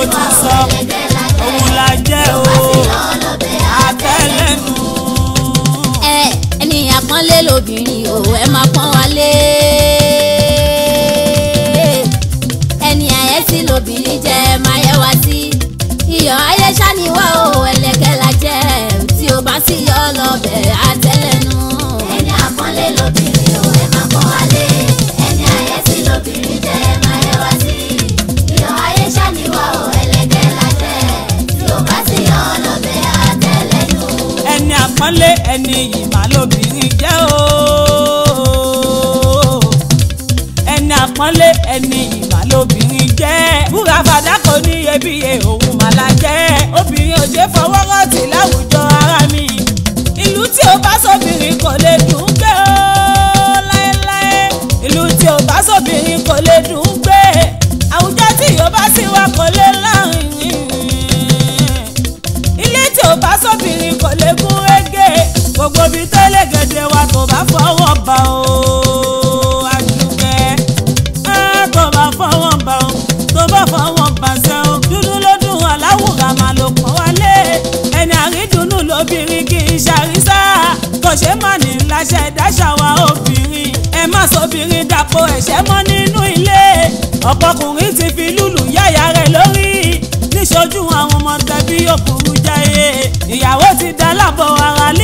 mo tún sọ òun la jẹ́ o àtẹ́lẹ́nu. ẹ ẹni àpọ́nlé lobìnrin o ẹ máa pọ́n wa lé. ẹni àyẹ́sí lobìnrin jẹ́ ẹ máa yẹ wá sí. iyọ̀ ayéṣá ni wá o ẹlẹ́kẹ́ la jẹ́ tí o bá sì yọ ọ lọ bẹ̀ àtẹ́lẹ́nu. ẹni àpọ́nlé lobìnrin. àpọ́nlé ẹni yìí má lóbìnrin jẹ́ o ẹni àpọ́nlé ẹni yìí má lóbìnrin jẹ́ búra fàdákò ní iyebíye òun má la jẹ́ obìnrin òjé fọwọ́ láwùjọ ara mi ìlú tí o bá sóbìnrin kò lè dùn gbé o láéláé ìlú tí o bá sóbìnrin kò lè dùn gbé àwùjọ tí yóò bá sì wá kò lè láàrin ilé tí ò bá sóbìnrin kò lè gún gbogbo bíi tẹ́lẹ̀ gẹ̀dẹ̀ wa tó bá fọwọ́ bá o àdùkẹ́ á tó bá fọwọ́ bá o tó bá fọwọ́ bá ṣẹ́ o dúdú ló dùn aláwùrà máa ló pọ̀ wálé ẹni àrídùnnú lóbìnrin kì í ṣàrísà kò ṣe má ní láṣẹ dáṣà wa obìnrin ẹ má sọbìnrin dàpọ̀ ẹ̀ṣẹ̀ mọ́ nínú ilé ọ̀pọ̀kùnrin ti fi lùlù yáyà rẹ̀ lórí níṣojú àwọn ọmọ tẹbí òkúrú jẹ́ ìyàwó ti dá lábọ̀ ara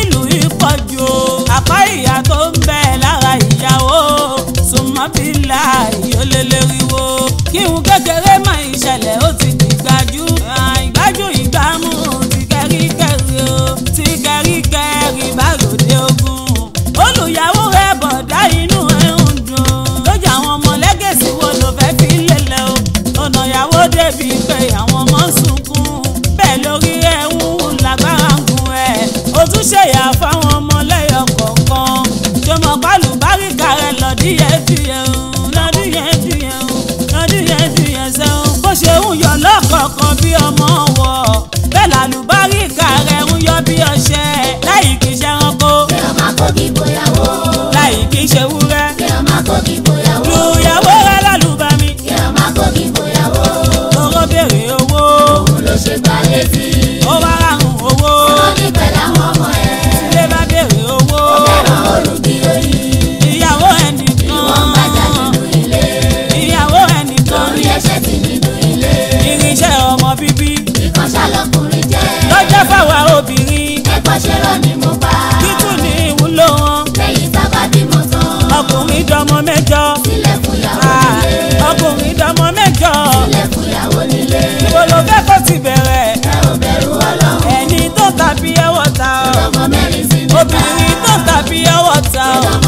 obìnrin tó tàbí ọwọ́ ta o.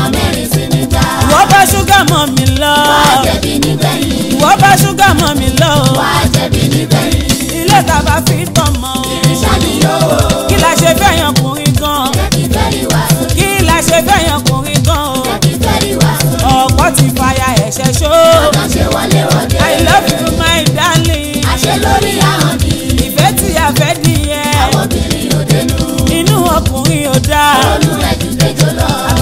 ìwọ bá ṣúgà mọ́ mi lọ. ìwọ bá ṣúgà mọ́ mi lọ ilé tàbá fi tọ̀ mọ́ kí la ṣe fẹ́yàn kùnrin gan. kí la ṣe fẹ́yàn kùnrin gan ọ̀pọ̀ ti fàyà ẹ̀ṣẹ̀ ṣó. I love you my darling. àṣẹ lórí ẹ̀. dáa. olú ẹ̀dùn lẹ́jọ́ lọ.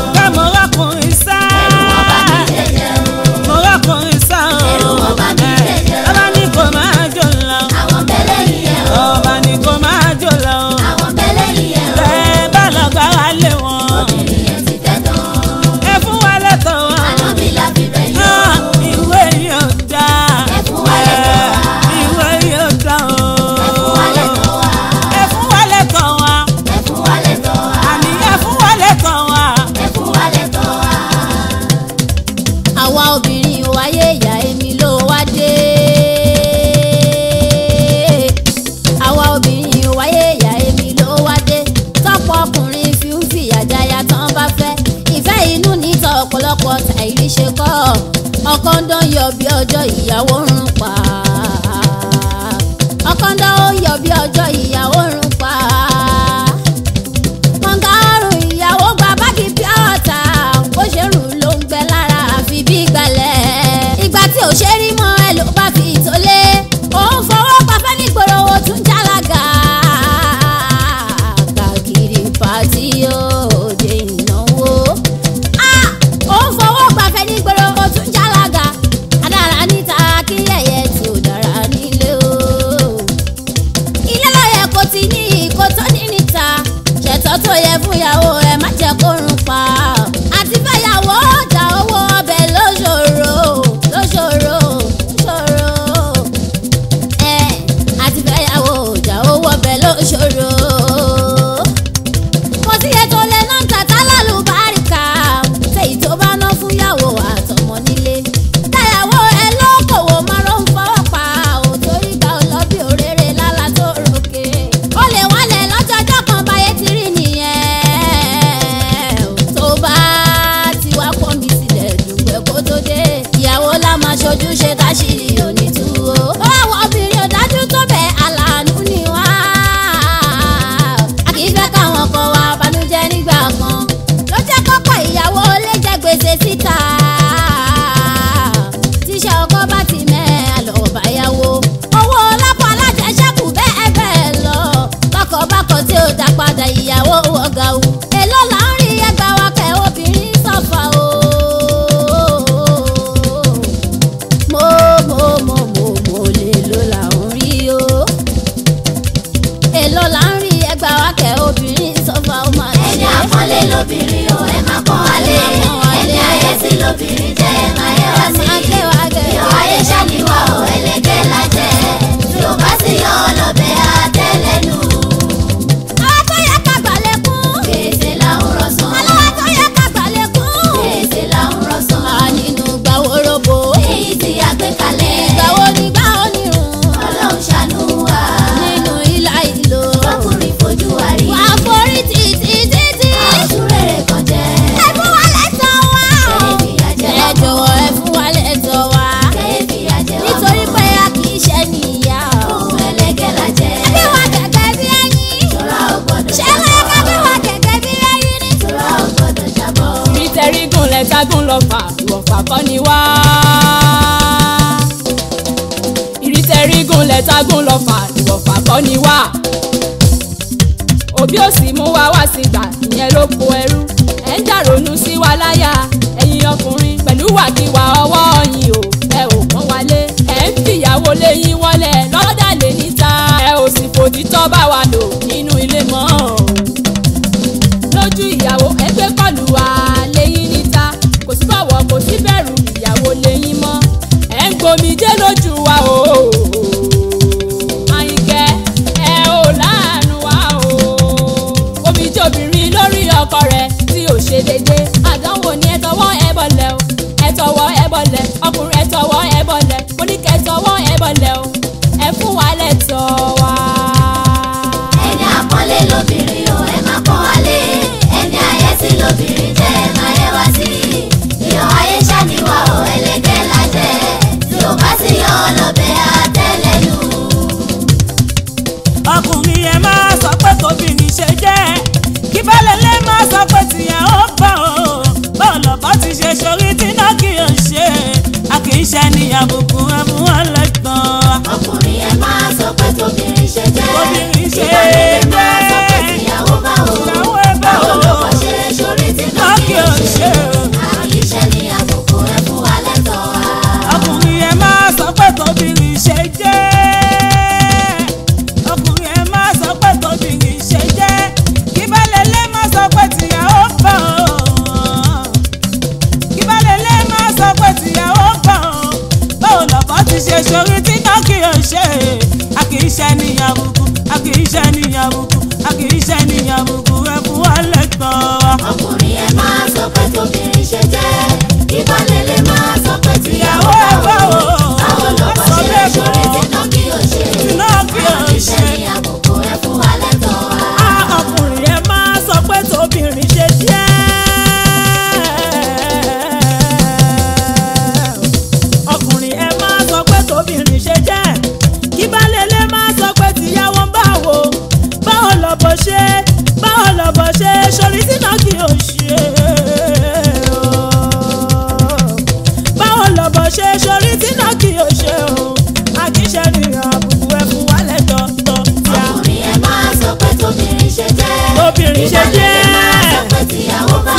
obìnrin ṣe jẹ́ tíyàwó bá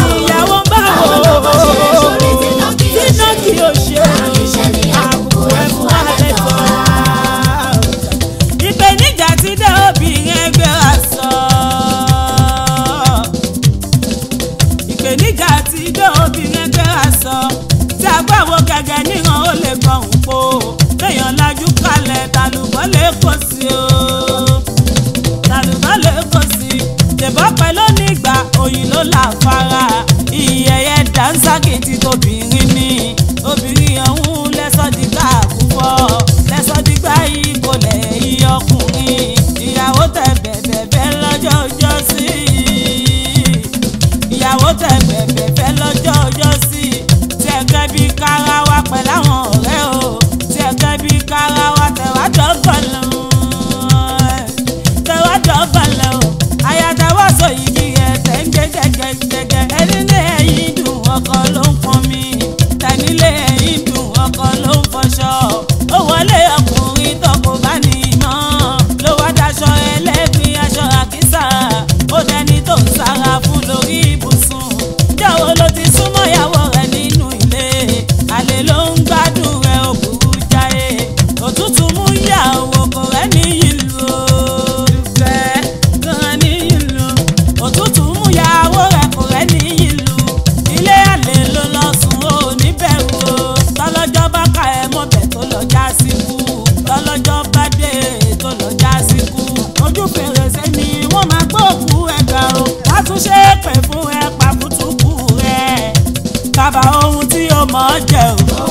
wò ó tíná kí o ṣe àbùkù ẹ̀fún àlẹ́tọ̀. ìpèníjà ti dé obìnrin ẹgbẹ́ aṣọ. ìpèníjà ti dé obìnrin ẹgbẹ́ aṣọ. tí a bá wo gẹ́gẹ́ níhàn ó lè gbọ̀n pò. téèyàn kalẹ̀ tàlùbọ́ lè kó sí o ìbọ́pẹ́ ló nígbà oyin ló là fara ìyẹ̀yẹ dánsákì ti tóbìnrin ni obìnrin ọ̀hún lẹ́sọ̀ di ká àkúfọ́ lẹ́sọ̀ di gbá ìgò lẹ́yìn ọkùnrin ìyàwó tẹ̀ bẹ̀bẹ̀ bẹ́ lọ́jọ́ ọjọ́ sí ìyàwó tẹ̀ ọkọ ló ń pọn mi. tí o mọ̀ ọ́ jẹ o.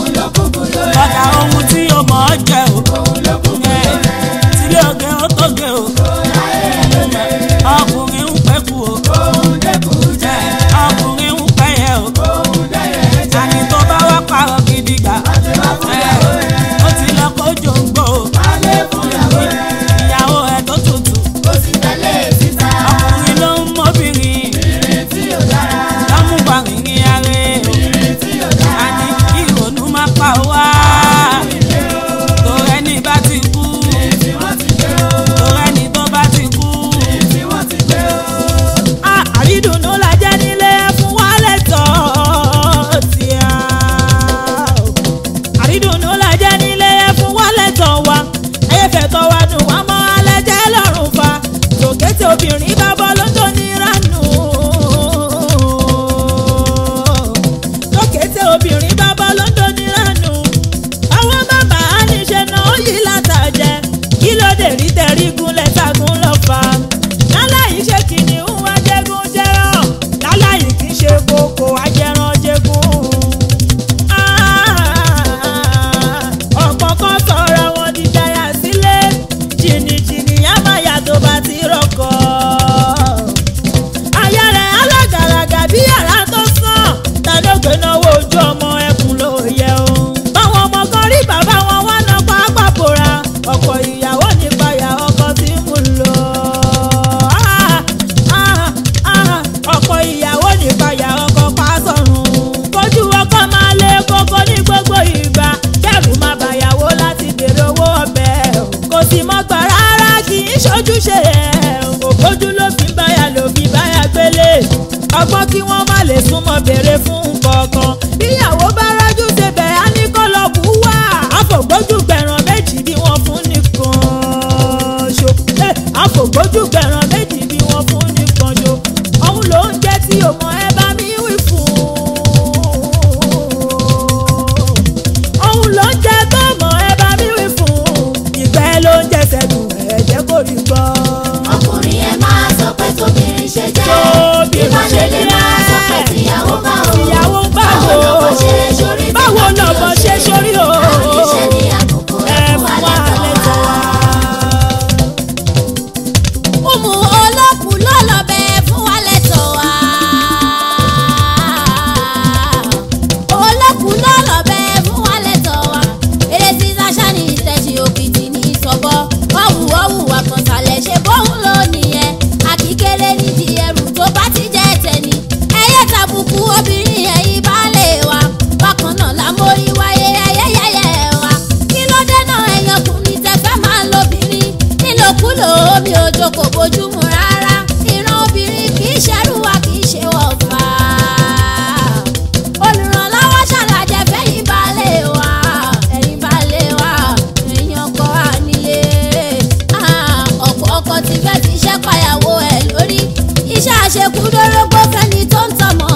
bàtà ohun tí o mọ̀ ọ́ jẹ o. ìlòkulò omi òjò kò bójúmu rárá ìran obìnrin kì í ṣerú wa kì í ṣe ọ̀fà. olùrànlọ́wọ́ ṣàlàjẹ́ fẹ́yìn balẹ̀ wa ẹ̀yìn balẹ̀ wa ẹ̀yìn ọkọ àníyé. Ah, ọ̀pọ̀ ọkọ ti fẹ́ fi iṣẹ́ payàwó ẹ̀ lórí iṣẹ́ àṣekúdórógbó fẹ́ni tó ń tọmọ.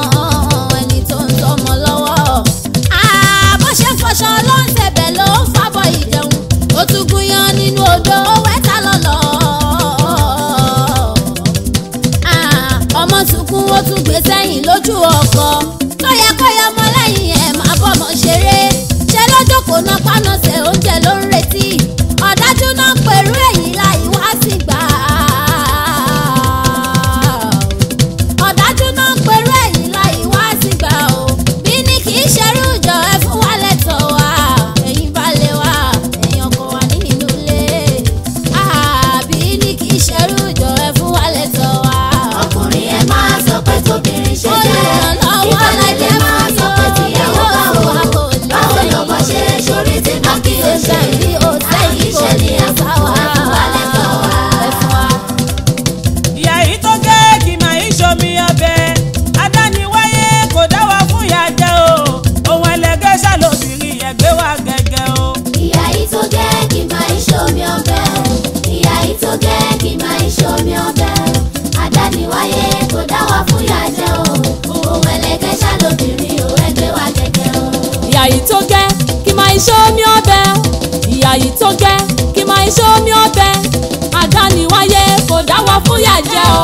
ṣe omi ọbẹ̀ ìyá yìí tó gẹ́ kí máa ṣe omi ọbẹ̀ àdániwáyé kò dáwọ́ fúyà jẹ́ o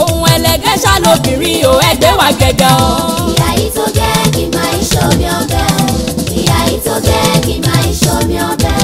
ohun ẹlẹgẹ́ ṣàlóbìnrin o ẹgbẹ́ wa gẹ́gẹ́ o. ìyá yìí tó gẹ́ kí máa ṣe omi ọbẹ̀ ìyá yìí tó gẹ́ kí máa ṣe omi ọbẹ̀.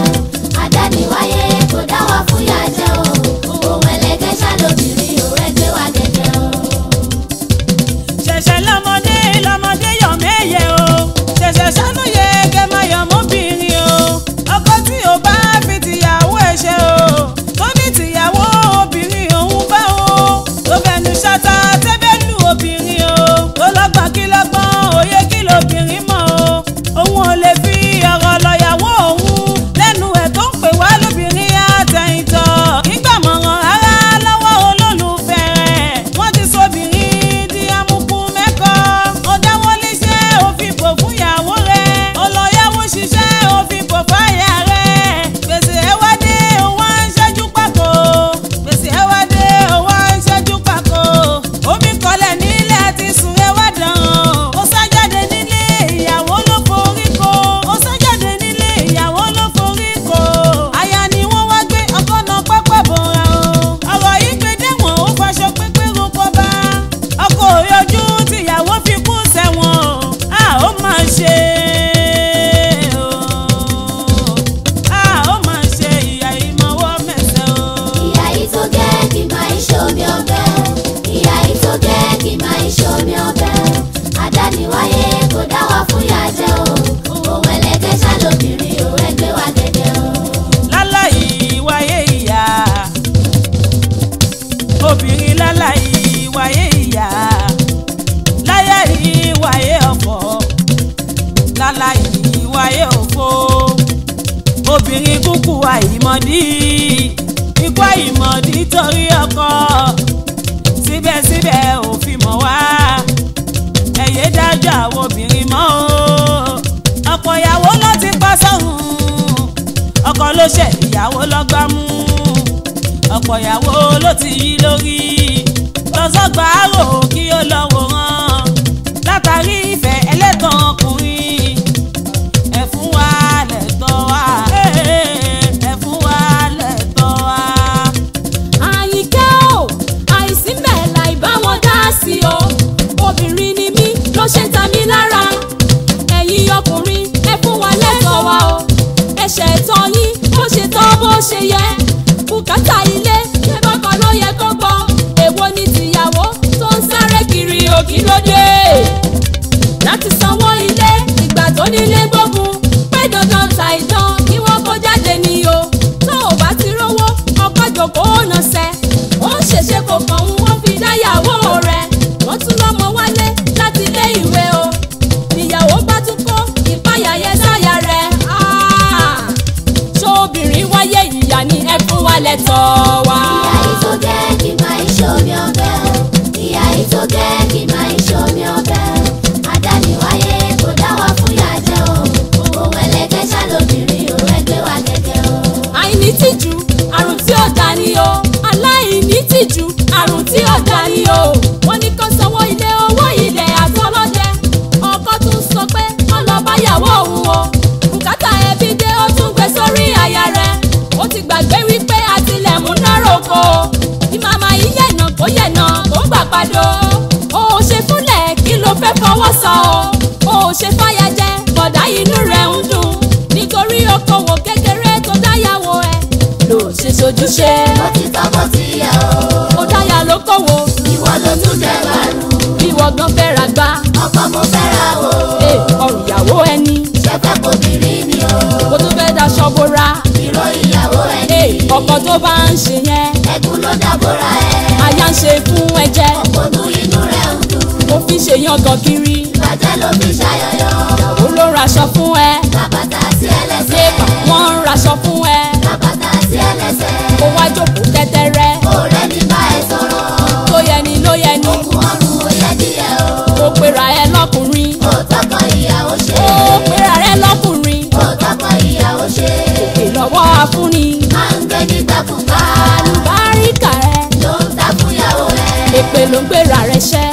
ṣe ṣojúṣe. mo ti tọ́ mo ti yẹ o. mo táyà lókòwò. ìwọ ló tún jẹ bàrù. ìwọ gan fẹ́ ra ọkọ mo fẹ́ o. ee ọrùn ìyàwó ẹni. ṣé fẹ́ kò bìrì ni o. mo tún fẹ́ daṣọ bora. ìró ìyàwó ẹni. ee ọkọ tó bá ń ṣe yẹn. ẹkún ló dábòra ẹ. aya ń ṣe fún ẹjẹ. òkòtù inú rẹ̀ ń dùn. mo fi ṣèyàn gan kiri. bàjẹ́ ló fi ṣayọyọ. ìyàwó ló raṣọ fún ẹ. pera ẹ lọ́kùnrin. ó tọkọ ìyàwó ṣe. ó pera ẹ lọ́kùnrin. ó tọkọ ìyàwó ṣe. òkè lọ́wọ́ afúnni. máa ń gbé nígbà fún àlùbáríkà ẹ. ló ń ta ẹ. èpè ló ń gbéra rẹ ṣẹ́.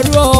ẹrú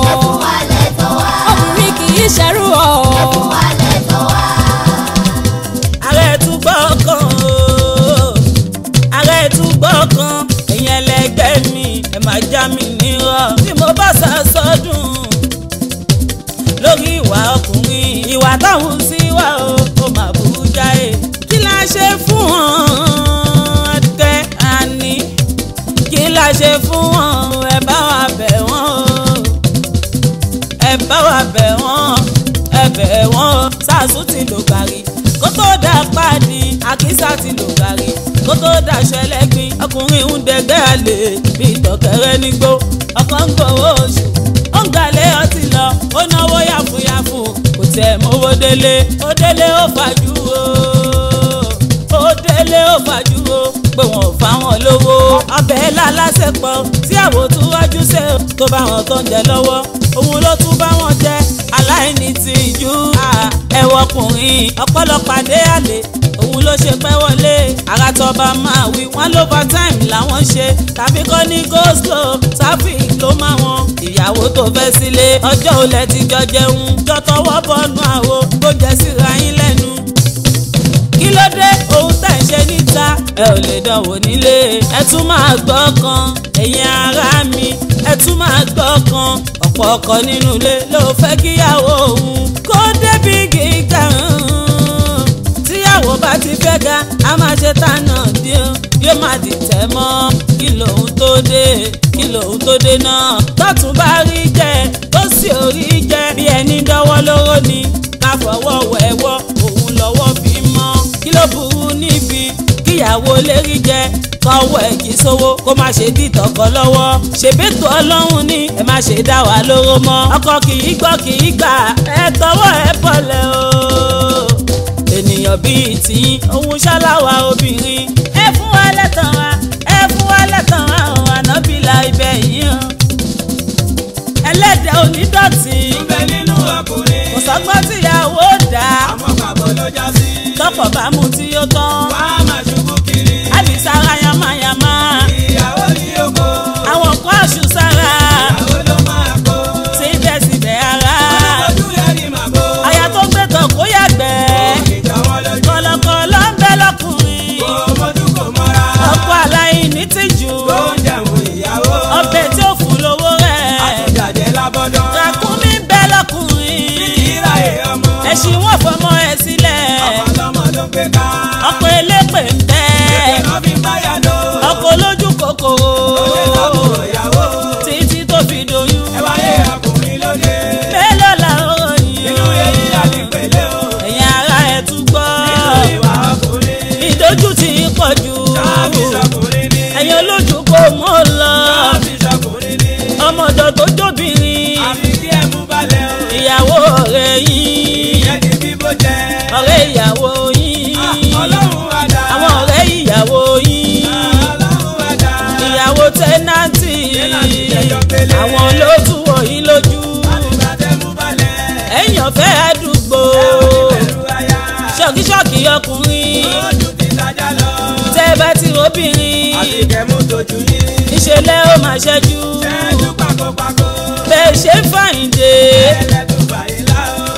bá wà bẹ̀ wọ́n ẹ̀bẹ̀ wọ́n sàásù ti lò gàrí kó tó dá pàdé àkísà ti lò gàrí kó tó dàṣọ ẹlẹ́gbin ọkùnrin ń dẹgbẹ́ àlè bí ìtọ̀kẹ́rẹ́ nígbó ọkọ ń gbowó oṣù ó ń gàlé ọtí lọ ó náwó yàfùyàfù kò tẹ̀ mówó délé ó délé ó fàjú o ó délé ó fàjú o pé wọn ò fáwọn lówó bẹ́ẹ̀ lálásẹ̀pọ̀ tí àwọn tó wájú ṣe tó bá wọn tó ń jẹ lọ́wọ́ òun ló tún bá wọn jẹ aláìní ti ìjú ẹ̀wọ̀kùnrin ọ̀pọ̀lọpọ̀ adé àlè òun ló ṣe pẹ́ wọlé ara tọba máa wí wọ́n ló bá time làwọn ṣe tàbí kọ́ ní go slow ló máa wọn ìyàwó tó fẹ́ sílé ọjọ́ olè ti jọ jẹun jọ tọwọ́ bọ́nu àwo kó jẹ síra yín lẹ́nu kí ló dé o ẹ ò lè dánwò nílé ẹ tún máa gbọ́ kan ẹ̀yin ará mi ẹ tún máa gbọ́ kan ọ̀pọ̀ ọkọ nínú ilé ló fẹ́ kíyàwó òun kó débi gíga tíyàwó bá ti fẹ́ ga a máa ṣe tànà dé o yóò máa dìtẹ̀ mọ́ kí lòun tó dé kí lòun tó dé náà tọ́tún bá rí jẹ ó sì orí jẹ bí ẹni dánwọ́ lóró ni ká fọwọ́ wẹ̀wọ́ òun lọ́wọ́ fi mọ́ kí ló burú kíyàwó lérí jẹ kọ́wọ́ ẹ̀ kí sówó kó má ṣe dì tọkọ lọ́wọ́ ṣèbétò ọlọ́run ni ẹ má ṣe dá wa lóró mọ́ ọkọ kì í gbọ́ kì í gbà ẹ tọwọ́ ẹ bọ̀lẹ̀ o ènìyàn bíi tìyín òun ṣáláwa obìnrin ẹ fún wa lẹ́tàn wa ẹ fún wa lẹ́tàn wa àwọn ànábìlà ibẹ̀ yìí hàn ẹlẹ́dẹ̀ onídọ̀tí ńbẹ nínú ọkùnrin kò sọ́gbọ́n tíyàwó dá àwọn pàbọ̀ ló já sí tọkọ̀ bá mu tí ó tán wá ẹṣin wọn fọmọ ẹ sílẹ̀. ọ̀pọ̀lọmọ ló gbé ká. ọkọ elépè ń tẹ́. ìgbẹ́ náà fi báyà lọ. ọkọ olójú kòkó. olè lọ́bù ìyàwó. títí tó fi doyún. ìpele. àwọn ló tú wọ̀nyí lójú. ẹ̀yìn ọ̀fẹ́ àdúgbò. ṣọ́kíṣọ́kí ọkùnrin. tẹ́ bá ti obìnrin. àtìkẹ́mú dojú yín. ìṣẹ̀lẹ̀ ó máa ṣẹ́jú. ṣẹ́jú pàkópàkó. bẹ́ẹ̀ ṣe ń fàyìndé.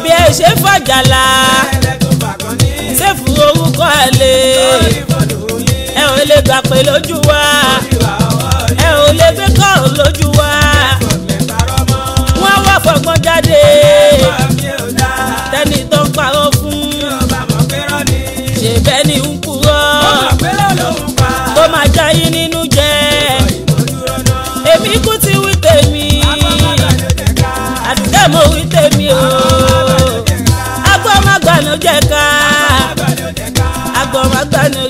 bí ṣe ń fàjàlá. sẹ́fù orúkọ ẹ̀ lé. ẹ ò lè gbà lè gbé kọ́ lójú wa wọ́n wá fọgbọ́n jáde tẹ́ni tó ń parọ́ fún ṣe bẹ́ẹ̀ ni ń purọ́ tó máa já yín nínú jẹ́ èmi kú ti wí tèmi àti tẹ́ wí tèmi o agbọ́n má gbà ní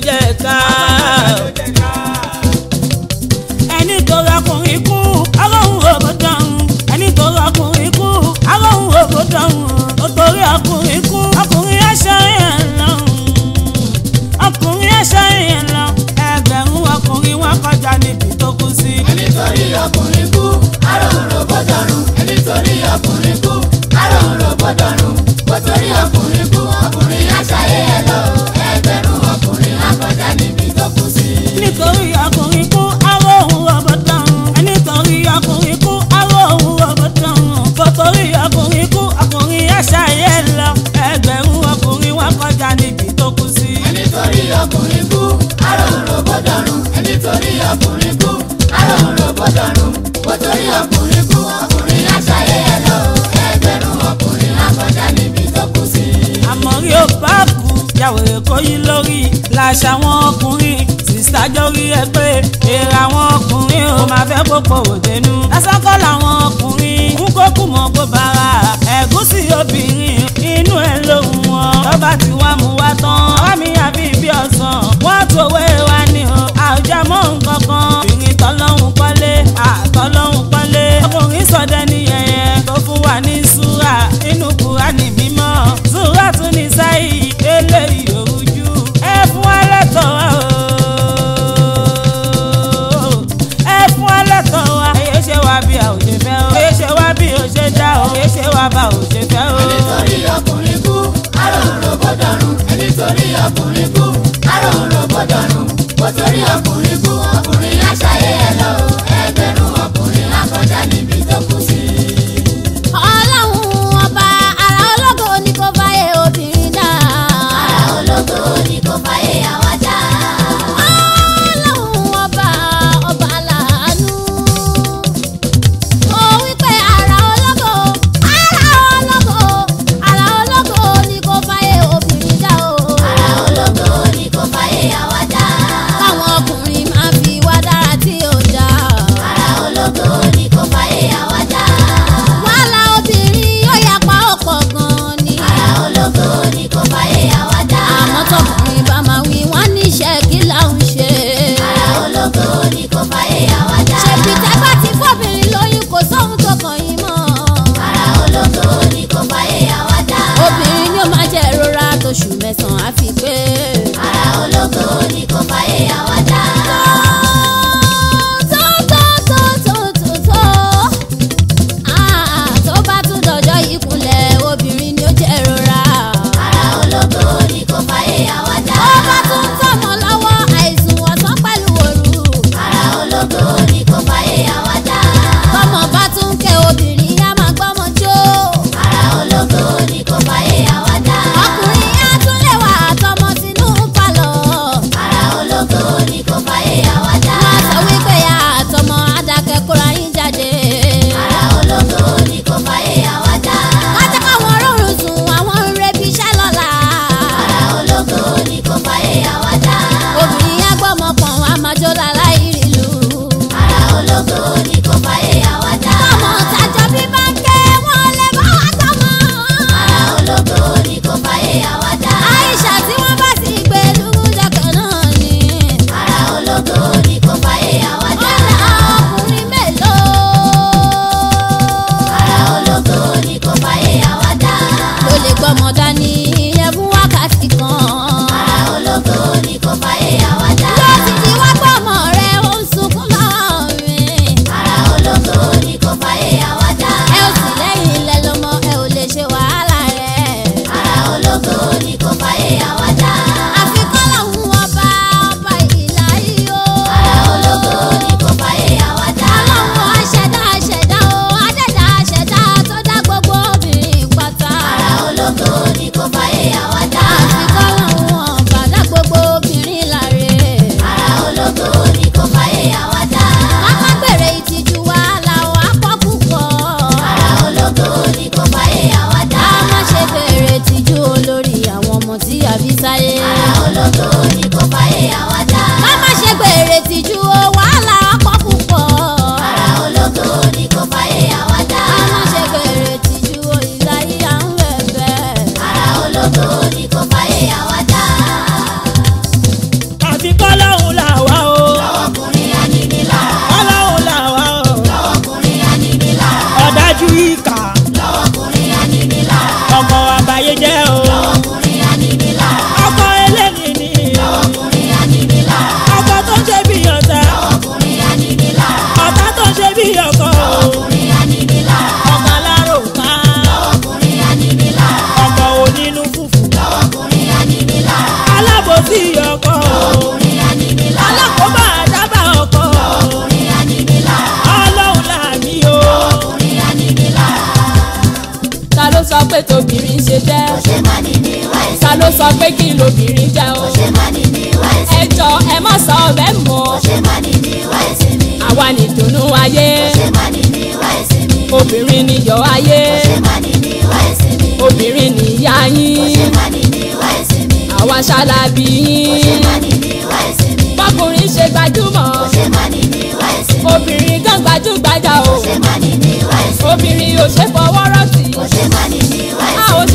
sọ pé kí lobìnrin jẹ́ o. ọ̀ṣẹ́mánì ni ìwà ẹ̀sìn mi. ẹjọ́ ẹ má sọ bẹ́ẹ̀ mọ́. ọ̀ṣẹ́mánì ni ìwà ẹ̀sìn mi. àwa ni dùnnú ayé. ọ̀ṣẹ́mánì ni ìwà ẹ̀sìn mi. obìnrin ni yọ̀ ayé. ọ̀ṣẹ́mánì ni ìwà ẹ̀sìn mi. obìnrin ni ìyá yín. ọ̀ṣẹ́mánì ni ìwà ẹ̀sìn mi. àwa ṣálábí yín. ọ̀ṣẹ́mánì ni ìwà ẹ̀sìn mi. bọ́kùnrin ṣe gbajúmọ̀. ọ̀ṣẹ́mánì ni ìwà mi. obìnrin gan gbajúgbajà o. ọ̀ṣẹ́mánì ni ìwà ẹ̀sìn mi. obìnrin ò ṣe fọwọ́rọ́ sí. ọ̀ṣẹ́mánì ni ìwà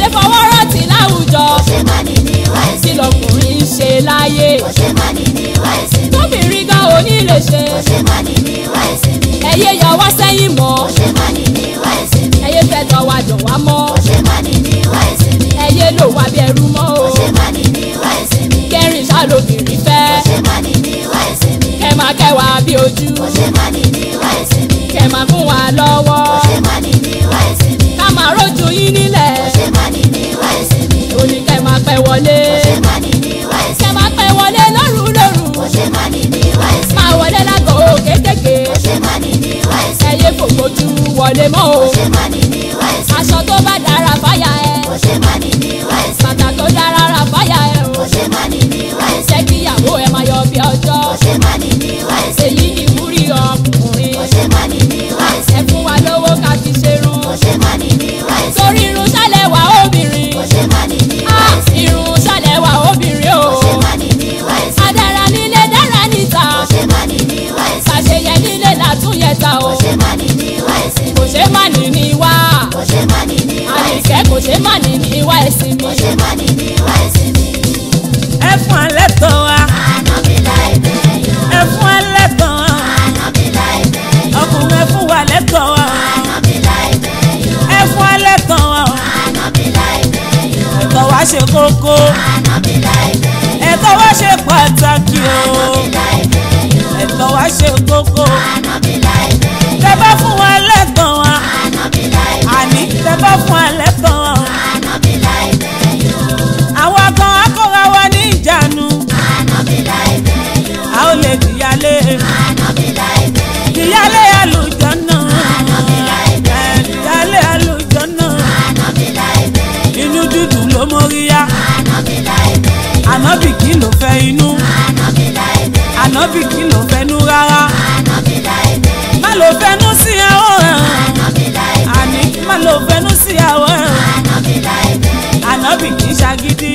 ṣe má ní ní ìwà ẹ̀sìn ni. kí lọkùnrin ṣe láyé. kò ṣe má ní ní ìwà ẹ̀sìn ni. tóbìnrin gan ò ní lè ṣe. kò ṣe má ní ní ìwà ẹ̀sìn ni. ẹyẹ yà wá sẹ́yìn mọ́. kò ṣe má ní ní ìwà ẹ̀sìn ni. ẹyẹ fẹ́ tọ́ wa jọ̀ wá mọ́. kò ṣe má ní ní ìwà ẹ̀sìn ni. ẹyẹ lò wá bí ẹrú mọ́ o. kò ṣe má ní ní ìwà ẹ̀sìn ni. kẹrin ṣàlòkìrì fẹ́. kò ṣe má ní ní ìwà ẹ̀sìn ni. kẹ máa kẹwàá bí ojú. kò ṣe má ní ní ìwà ẹ̀sìn ni. wọlé. ànábì kì í ṣagídí.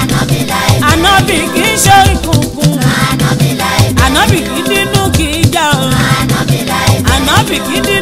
ànábì láì bẹ́ẹ̀. ànábì kì í ṣe ìkùnkùn. ànábì láì bẹ́ẹ̀. ànábì kì í dínú kì í jà o. ànábì láì kì í dínú.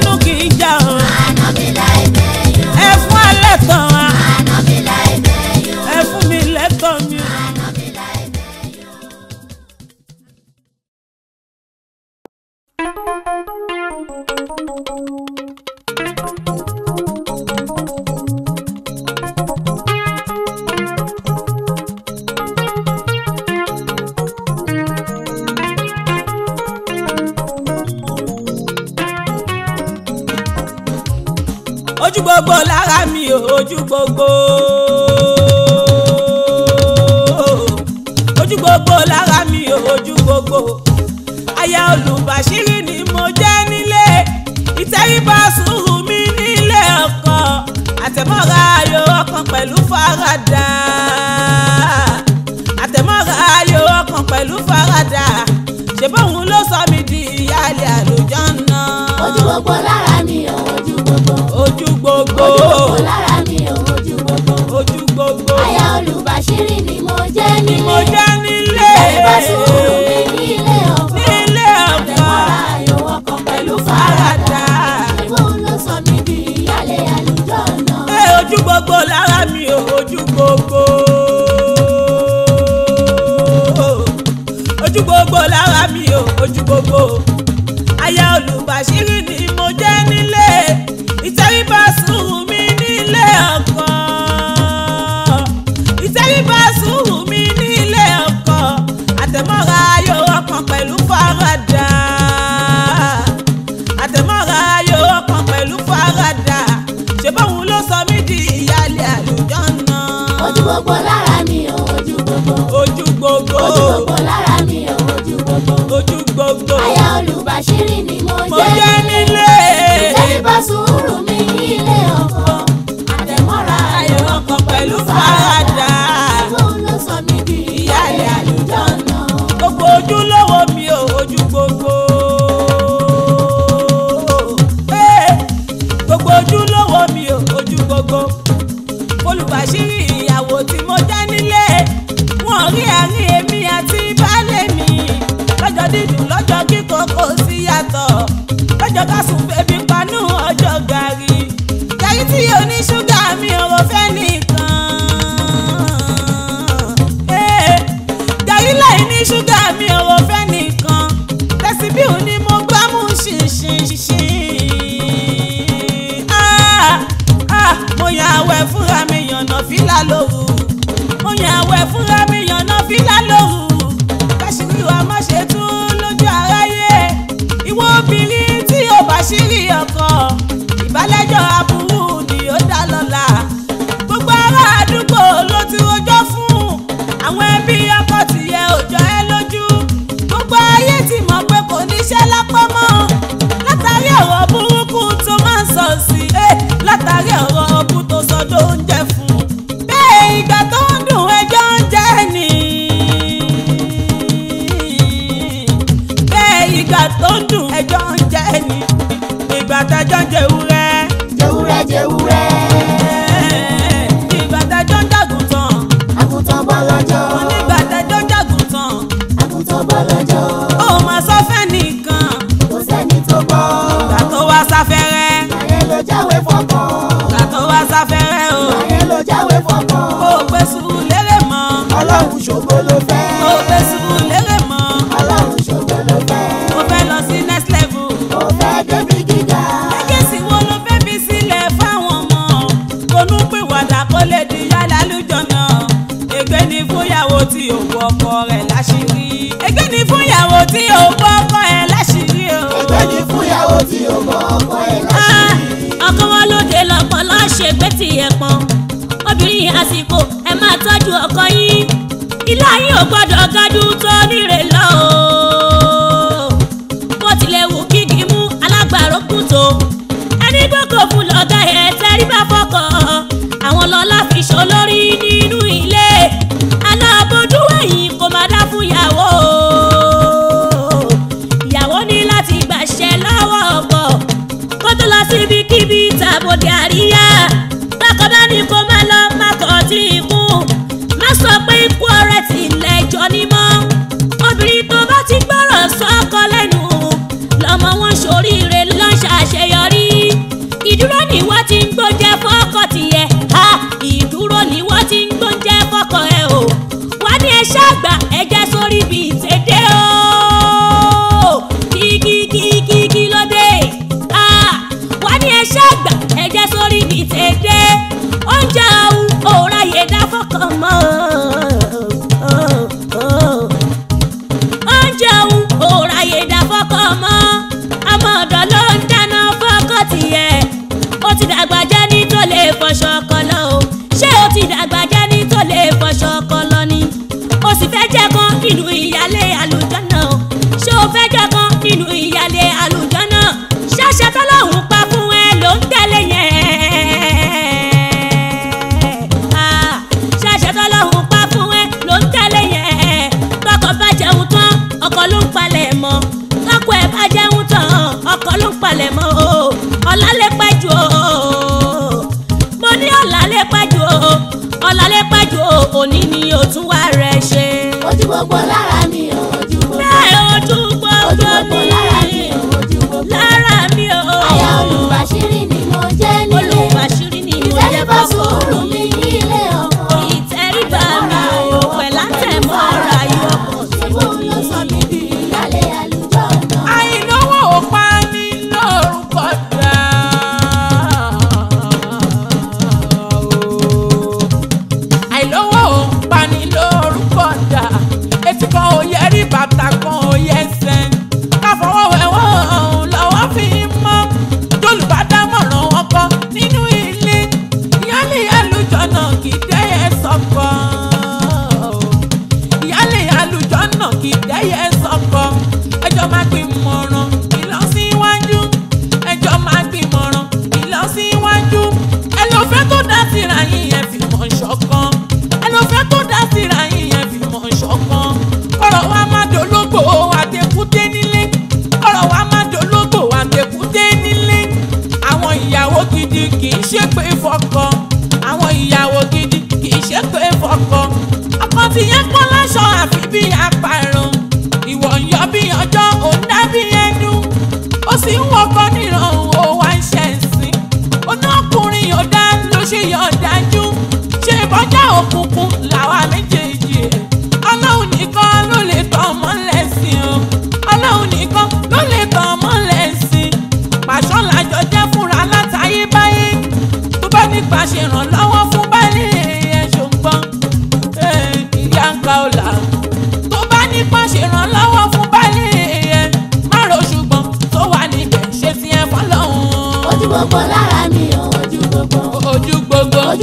kíbi tàbọ̀dé àrí.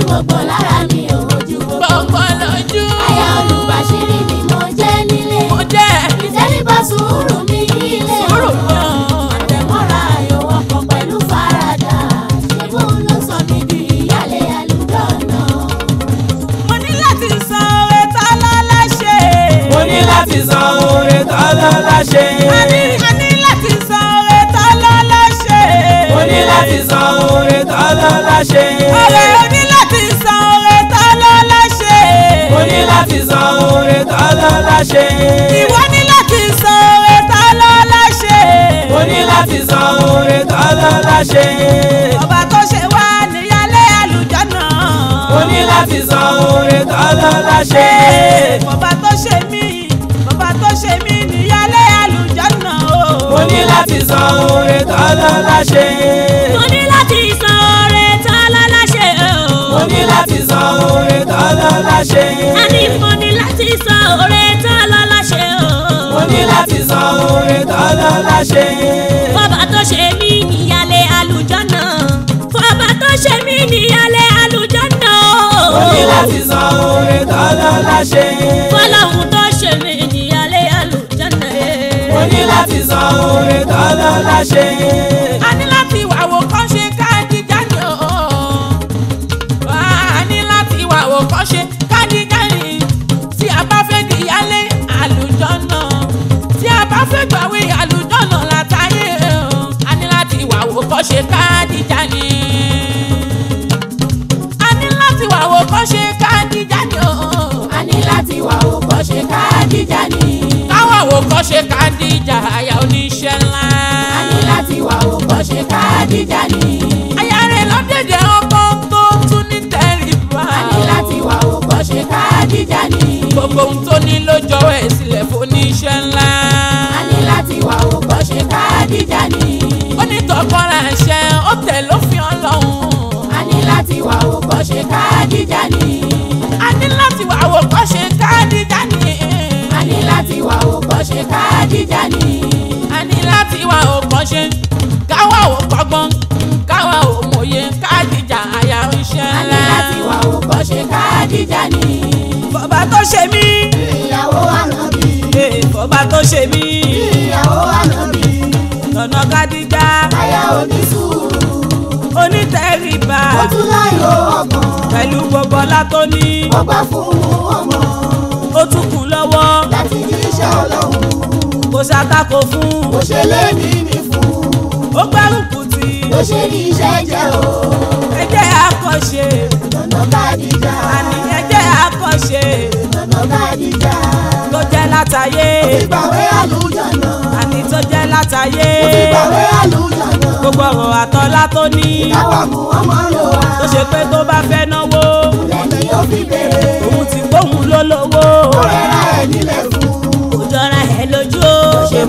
gbogbo lára mi ò ojú gbogbo lójú. Aya olùbáṣírí ni mo jẹ́ nílé. Mo jẹ́. Ìtẹ́lí bá sùúrù mi nílé. Sùúrù di ìyálé àlùdọ́nà. Mo ní láti san oore tọ́lọ́lá ṣe. láti san oore tá ló láṣẹ. ọ̀rẹ́ o ní láti san oore tá ló láṣẹ. o ní láti san oore tá ló láṣẹ. ìwọ ní láti san oore tá ló láṣẹ. o ní láti san oore tá ló láṣẹ. ọba tó ṣe wá níyálé àlùjọ́nà. o ní láti san oore tá ló láṣẹ. ọba tó ṣe mí ọba tó ṣe mí níyálé àlùjọ́nà o. o ní láti san oore tọ́lá láṣẹ. mo ní láti san oore tọ́lá láṣẹ. mo ní láti san oore tọ́lá láṣẹ. a ní mo ní láti san oore tọ́lá láṣẹ. mo ní láti san oore tọ́lá láṣẹ. fọba tó ṣe mí níyàlẹ̀ àlùjọ́nà. fọba tó ṣe mí níyàlẹ̀ àlùjọ́nà. mo ní láti san oore tọ́lá fọlọ́hún tó mo ní láti san oore tọ́lọ́lá ṣe. a ní láti wà wò kán ṣe káàdì jáde ooo. a ní láti wà wò kán ṣe káàdì jáde. tí a bá fẹ́ di yálé àlùjọ náà. tí a bá fẹ́ gbàwé yà. iṣẹ́ ńlá. a ní láti wà ó bọ́ ṣe ká dídá ni. aya rẹ̀ lọ́dẹ̀dẹ̀ ọkọ tó tún ní tẹríba. a ní láti wà ó bọ́ ṣe ká dídá ni. gbogbo ohun tó ní ló jọwọ́ ẹ̀ sílẹ̀ fóníṣẹ́ ńlá. a ní láti wà ó ṣe ká dídá ó ní tọkọra ṣẹ ó tẹ̀ lófin ọlọ́run. a ní láti wà ó ṣe ká dídá a ní láti wà ó ṣe ká dídá láti wá òkọ́ ṣe ká jíjà ni. a ní láti wá òkọ́ ṣe káwa ò kọ́gbọ́n káwa ò mòye ká jíjà àyà iṣẹ́ ńlá. a ní láti wá òkọ́ ṣe ká jíjà ni. bàbá tó ṣe mí. ìyàwó ànábì. bàbá tó ṣe mí. ìyàwó ànábì. ọ̀nà kádìjà. àyà onísùúrù onítẹ̀ríba. ó tún ọgbọ̀n. pẹ̀lú gbogbo ọlá tó ní. ọgbà fún ọmọ. ó tún kù lọ́wọ́ ọlọ́run. kò ṣàtakò fún. mo ṣe lé ní ní fún. ó gbárùkù tí. mo ṣe ní iṣẹ́ jẹ́ o. ẹ jẹ́ àkọ́ṣe. lọ́nà bá dìjà. àní ẹ jẹ́ àkọ́ṣe. lọ́nà bá dìjà. tó jẹ́ látàyé. mo fi gbàwé àlùjọ̀nà. àní tó jẹ́ látàyé. mo àlùjọ̀nà. gbogbo ọ̀rọ̀ àtọ́lá tó ní. ìdáwà ọmọ lò wá. tó ṣe pé tó bá fẹ́ náwó.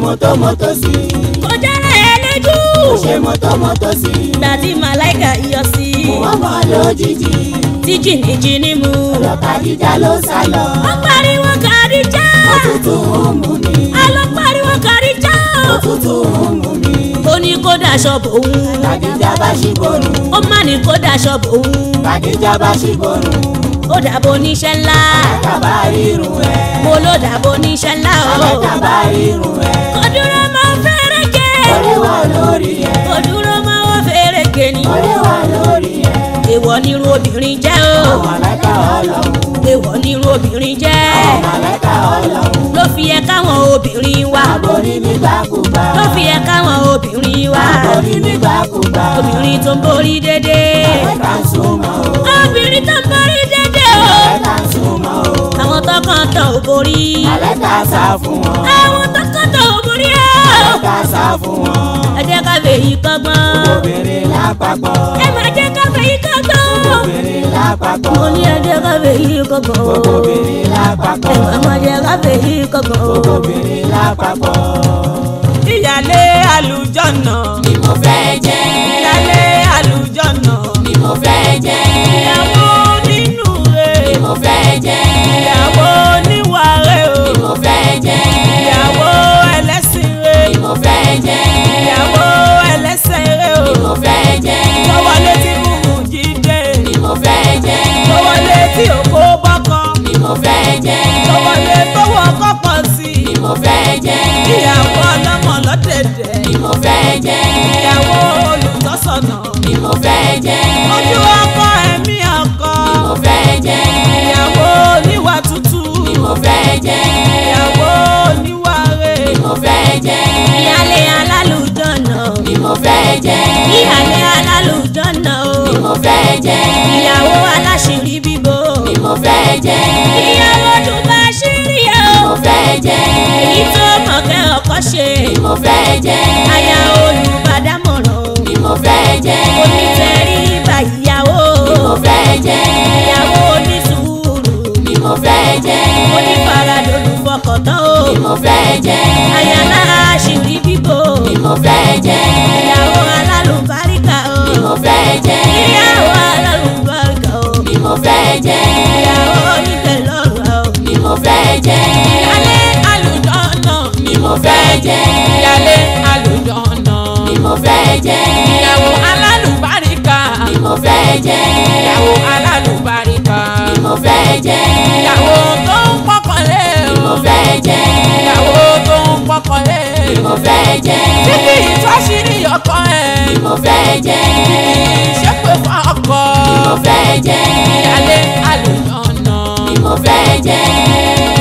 mọ́tọ́mọ́tọ́ sí i. ó dára ẹ lójú. ó ṣe mọ́tọ́mọ́tọ́ sí i. màláìka yọ sí mo wá bọ̀ lójijì. tí jìnnìjì ni mu. ọ̀rọ̀ kàdíjà ló sá lọ. ó pariwo kàdíjà. òtútù ń mú mi. a lọ pariwo kàdíjà. òtútù ń mú mi. ó ní kó daṣọ bò ó. kàdíjà bá ṣì borun. ó má ní kó daṣọ bò ó. kàdíjà bá ṣì borun ó dàbò níṣẹ́ ńlá. àtàbà irun ẹ̀. mo ló dàbò níṣẹ́ ńlá o. àtàbà irun ẹ̀. kò dúró mọ́ fẹ́rẹ́kẹ́. oríwà lórí ẹ̀. kò dúró mọ́ wọ́n fẹ́rẹ́kẹ́ ni. oríwà lórí ẹ̀. èèwọ̀ ni irú obìnrin jẹ́ o. àwọn àlẹ́kà ọlọ́run. èèwọ̀ ni irú obìnrin jẹ́. àwọn àlẹ́kà ọlọ́run. ló fi yẹ káwọn obìnrin wa. àbórí mi gbàkúgbà. ló fi yẹ káwọn obìnrin wa. àbórí mi gbàkúgbà. obìnrin tó ń borí dédé. àlẹ́kà ń súnmọ́ o. obìnrin tó ń borí dédé. Màlẹ́ta súnmọ́ o. Àwọn tọkàn tán ò borí. Màlẹ́ta sá fún wọn. Àwọn tọkàn tán ò borí o. Màlẹ́ta sá fún wọn. Ẹ jẹ́ ká fèyí kọ́gbọ́n. Obìnrin lápapọ̀. Ẹ máa jẹ́ ká fèyí kọ́gbọ́n. Obìnrin lápapọ̀. Mo ní ẹ jẹ́ ká fèyí kọ́gbọ́n. Obìnrin lápapọ̀. Ẹ máa jẹ́ ká fèyí kọ́gbọ́n. Obìnrin lápapọ̀. Ìyálé àlùjọ́nà. Ni mo fẹ́ jẹ́. Ìyálé àlùjọ́nà. Ni mo fẹ́ jẹ́. Ìyàwó mo fẹ́ jẹ́. ìyàwó oníwà rẹ̀ o. ni mo fẹ́ jẹ́. ìyàwó ẹlẹ́sìn rẹ̀. ni mo fẹ́ jẹ́. ìyàwó ẹlẹ́sẹ̀ rẹ̀ o. ni mo fẹ́ jẹ́. lọ́wọ́ létí mímú jíde. ni mo fẹ́ jẹ́. lọ́wọ́ létí òkú bọ́kọ. ni mo fẹ́ jẹ́. lọ́wọ́ lé tọwọ́ kọ́kọ́ sí. ni mo fẹ́ jẹ́. ìyàwó ọlọ́mọ lọ́dẹ̀dẹ̀. ni mo fẹ́ jẹ́. ìyàwó olùtọ́sọ̀nà. ni mo fẹ́ jẹ́. ojú ọkọ ẹ̀ jẹ́. ìyàwó oníwàre. ni mo fẹ́ jẹ́. ìyálé alálùjọ́nà. ni mo fẹ́ jẹ́. ìyálé alálùjọ́nà o. ni mo fẹ́ jẹ́. ìyàwó aláṣírí bíbò. ni mo fẹ́ jẹ́. ìyàwó tó bá ṣírí o. ni mo fẹ́ jẹ́. èyí tó mọ̀kẹ́ ọkọ ṣe. ni mo fẹ́ jẹ́. aya olùbádámọ̀ràn o. ni mo fẹ́ jẹ́. onítẹ̀rí bá ìyàwó. ni mo fẹ́ jẹ́. ìyàwó oníṣẹ́ mo fẹ́ jẹ́. mo ní faradolu fọkàn tán o. bí mo fẹ́ jẹ́. àyàlá àṣírí bíbò. bí mo fẹ́ jẹ́. ìyàwó alálùbáríkà o. bí mo fẹ́ jẹ́. ìyàwó alálùbáríkà o. bí mo fẹ́ jẹ́. ìyàwó onítẹ̀lọ́rùn o. bí mo fẹ́ jẹ́. ìyálé àlùjọ náà. mo fẹ́ jẹ́. ìyálé àlùjọ náà. mo fẹ́ jẹ́. ìyàwó alálùbáríkà. bí mo fẹ́ jẹ́. ìyàwó alálùbáríkà mo fẹ́ jẹ́. ìyàwó tó ń pọkànlé o. ni mo fẹ́ jẹ́. ìyàwó tó ń pọkànlé. ni mo fẹ́ jẹ́. títí ìtọ́sírí ọkọ ẹ̀. ni mo fẹ́ jẹ́. ṣépè fún ọkọ. ni mo fẹ́ jẹ́. ìyálé àlùyọ̀nà. ni mo fẹ́ jẹ́.